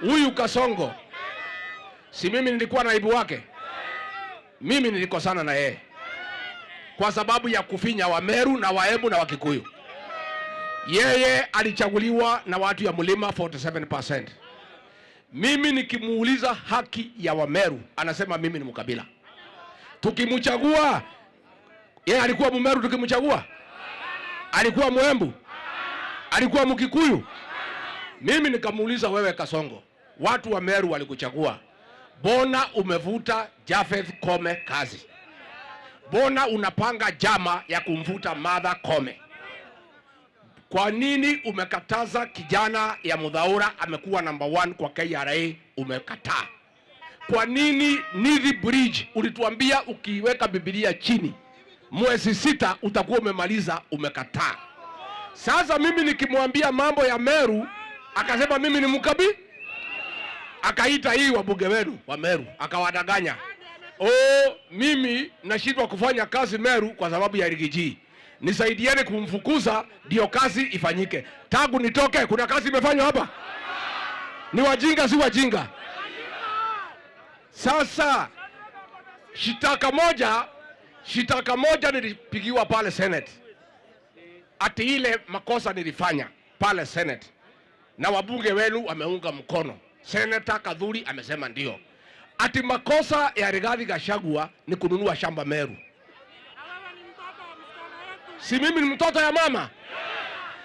Huyu Kasongo si mimi nilikuwa naibu wake, mimi nilikosana na yeye kwa sababu ya kufinya Wameru na Waembu na Wakikuyu. Yeye alichaguliwa na watu ya mlima 47%. Mimi nikimuuliza haki ya Wameru anasema mimi ni mkabila. Tukimchagua yeye alikuwa Mmeru, tukimchagua alikuwa Mwembu, alikuwa Mkikuyu. Mimi nikamuuliza wewe, Kasongo, watu wa Meru walikuchagua, bona umevuta Jafeth Kome kazi? Bona unapanga jama ya kumvuta Martha Kome? Kwa nini umekataza kijana ya Mudhaura amekuwa number one kwa KRA? Umekataa kwa nini? Nithi Bridge ulituambia ukiweka Biblia chini mwezi sita utakuwa umemaliza, umekataa. Sasa mimi nikimwambia mambo ya Meru akasema mimi ni mkabi, akaita hii wabunge wenu wa Meru akawadanganya, oh, mimi nashindwa kufanya kazi Meru kwa sababu ya Rigiji, nisaidieni kumfukuza ndio kazi ifanyike. Tangu nitoke kuna kazi imefanywa hapa? Ni wajinga, si wajinga? Sasa shitaka moja, shitaka moja nilipigiwa pale Senate, ati ile makosa nilifanya pale Senate na wabunge wenu wameunga mkono. Seneta Kadhuri amesema ndio. Ati makosa ya Rigathi Gachagua ni kununua shamba Meru. Si mimi ni mtoto ya mama?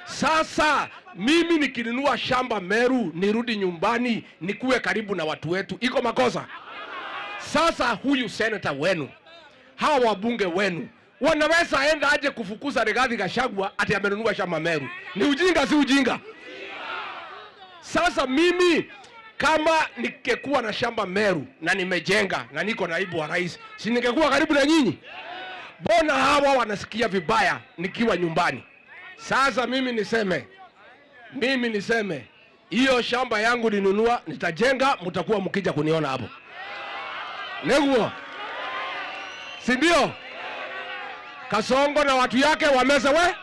Sasa mimi nikinunua shamba Meru nirudi nyumbani nikuwe karibu na watu wetu, iko makosa? Sasa huyu seneta wenu, hawa wabunge wenu wanaweza enda aje kufukuza Rigathi Gachagua ati amenunua shamba Meru? Ni ujinga, si ujinga? Sasa mimi kama ningekuwa na shamba Meru na nimejenga na niko naibu wa rais, si ningekuwa karibu na nyinyi? Mbona hawa wanasikia vibaya nikiwa nyumbani? Sasa mimi niseme, mimi niseme hiyo shamba yangu ninunua, nitajenga, mtakuwa mkija kuniona hapo neguo, si ndio? Kasongo na watu yake wameza we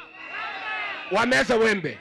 wameza wembe.